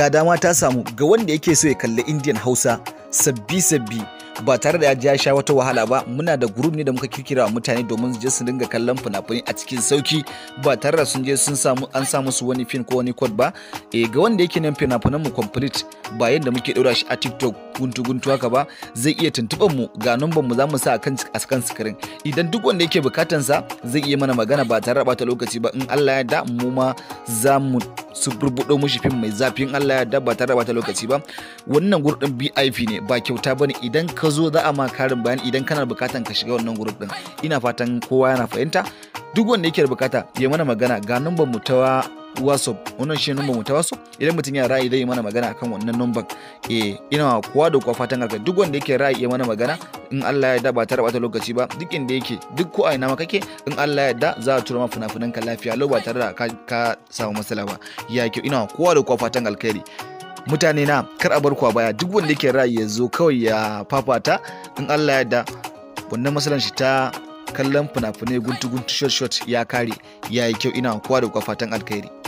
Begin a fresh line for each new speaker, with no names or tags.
ga dama ta samu ga wanda yake so ya kalli indian hausa sabbi sabbi ba tare da ya sha wata wahala ba muna da group ne da muka kirkira mutane domin je su dinga kallon fina-finai a cikin sauki ba tare da sun je sun samu an sa musu wani fin ko wani code ba e ga wanda yake nan fina-finan mu complete ba yadda muke daura shi a TikTok guntu guntu haka ba zai iya tuntuɓar mu ga numban mu zamu sa akan akan screen idan duk wanda yake bukatansa zai iya mana magana ba tare da bata lokaci ba in Allah ya da mu ma zamu su burbuɗo mushi fim mai zafin Allah ya dabba tare ta lokaci ba wannan gurdin BIP ne ba kyauta bane idan ka zo za a ma karin bayani idan kana bukatan ka shiga wannan ɗin ina fatan kowa yana fahimta duk wanda yake bukata ya mana magana ga numban mu ta WhatsApp wannan shi numba mu ta WhatsApp idan mutum ya ra'ayi zai mana magana akan wannan numba eh ina kowa da kowa fatan haka duk wanda yake ra'ayi mana magana in Allah ya yarda ba tare rabata lokaci ba duk inda yake duk ko a ina ma kake in Allah ya yarda za a tura ma funafunan ka lafiya lo ba tare da ka samu matsala ba ya kyau ina kowa da kowa fatan alkhairi mutane na kar a bar kwa baya duk wanda yake ra'ayi ya zo kawai ya fafata in Allah ya yarda wannan matsalan shi ta kallon fina-finai guntu-guntu shot-shot ya kare ya yi kyau ina kowa da kwa fatan alkhairi